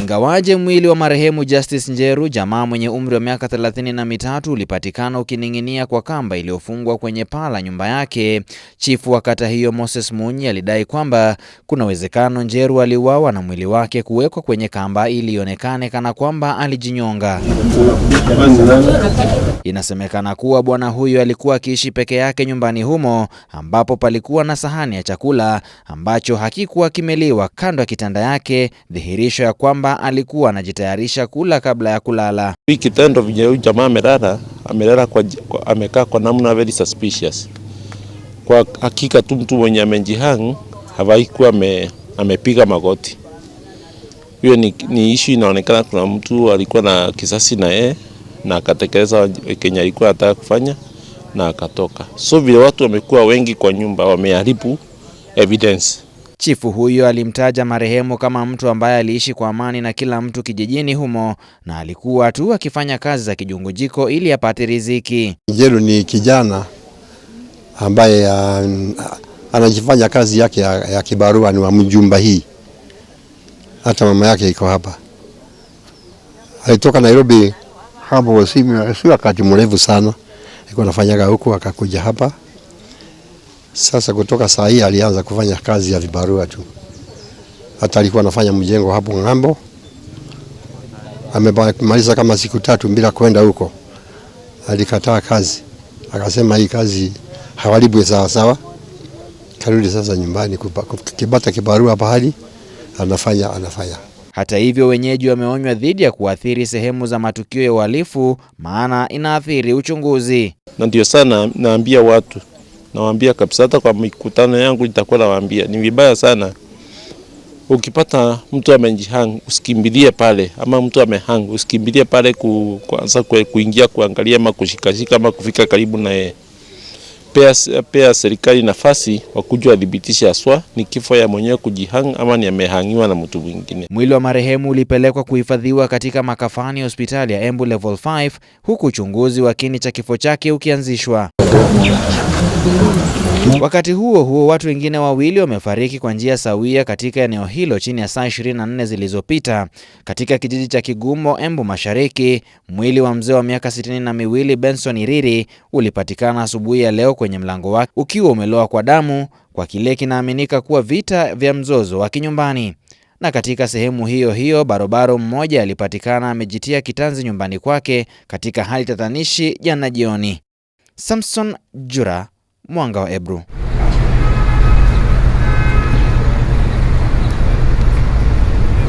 Ingawaje mwili wa marehemu Justice Njeru, jamaa mwenye umri wa miaka thelathini na mitatu, ulipatikana ukining'inia kwa kamba iliyofungwa kwenye paa la nyumba yake, chifu wa kata hiyo Moses Munyi alidai kwamba kuna uwezekano Njeru aliuawa na mwili wake kuwekwa kwenye kamba ili ionekane kana kwamba alijinyonga. Inasemekana kuwa bwana huyo alikuwa akiishi peke yake nyumbani humo, ambapo palikuwa na sahani ya chakula ambacho hakikuwa kimeliwa kando ya kitanda yake, dhihirisho maonyesho ya kwamba alikuwa anajitayarisha kula kabla ya kulala. Hii kitendo vyenye huyu jamaa amelala, amelala kwa, kwa, amekaa kwa namna very suspicious. Kwa hakika tu mtu mwenye amejihang kuwa ame, amepiga magoti. Hiyo ni, ni ishu inaonekana kuna mtu alikuwa na kisasi na yeye na akatekeleza Kenya alikuwa anataka kufanya na akatoka. So vile watu wamekuwa wengi kwa nyumba wameharibu evidence. Chifu huyo alimtaja marehemu kama mtu ambaye aliishi kwa amani na kila mtu kijijini humo na alikuwa tu akifanya kazi za kijungujiko ili apate riziki. Jelu ni kijana ambaye ah, anajifanya kazi yake ya, ya kibarua ni wa mjumba hii. Hata mama yake iko hapa, alitoka Nairobi hapo si wakati mrefu sana, alikuwa anafanyaga huku akakuja hapa sasa kutoka saa hii alianza kufanya kazi ya vibarua tu, hata alikuwa anafanya mjengo hapo ng'ambo. Amemaliza kama siku tatu bila kwenda huko, alikataa kazi, akasema hii kazi hawalibu sawa sawa. Karudi sasa nyumbani kibata kibarua pahali anafanya anafanya hata hivyo, wenyeji wameonywa dhidi ya kuathiri sehemu za matukio ya uhalifu, maana inaathiri uchunguzi, na ndio sana naambia watu nawaambia kabisa, hata kwa mikutano yangu nitakuwa nawaambia, ni vibaya sana ukipata mtu amejihang, usikimbilie pale, ama mtu amehang, usikimbilie pale ku, kuanza kuingia kuangalia ama kushikashika ama kufika karibu na yeye. Pea, pea serikali nafasi wa kuja adhibitisha aswa ni kifo ya mwenyewe kujihang ama ni amehangiwa na mtu mwingine. Mwili wa marehemu ulipelekwa kuhifadhiwa katika makafani ya hospitali ya Embu Level 5 huku uchunguzi wa kini cha kifo chake ukianzishwa. Wakati huo huo, watu wengine wawili wamefariki kwa njia sawia katika eneo hilo chini ya saa 24 zilizopita katika kijiji cha Kigumo, Embu Mashariki. Mwili wa mzee wa miaka sitini na miwili Benson Iriri ulipatikana asubuhi ya leo kwenye mlango wake ukiwa umeloa kwa damu kwa kile kinaaminika kuwa vita vya mzozo wa kinyumbani. Na katika sehemu hiyo hiyo barobaro mmoja alipatikana amejitia kitanzi nyumbani kwake katika hali tatanishi jana jioni. Samson Jura, Mwanga wa Ebru.